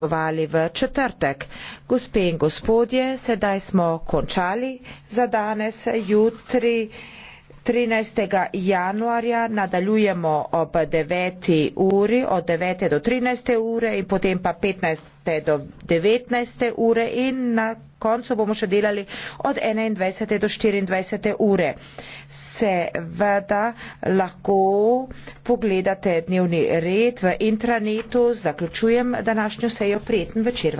glasovali v četrtek. Gospe in gospodje, sedaj smo končali za danes, jutri. 13. januarja nadaljujemo ob 9. uri, od 9. do 13. ure in potem pa 15. do 19. ure in na koncu bomo še delali od 21. do 24. ure. Seveda lahko pogledate dnevni red v intranetu. Zaključujem današnjo sejo. Prijeten večer.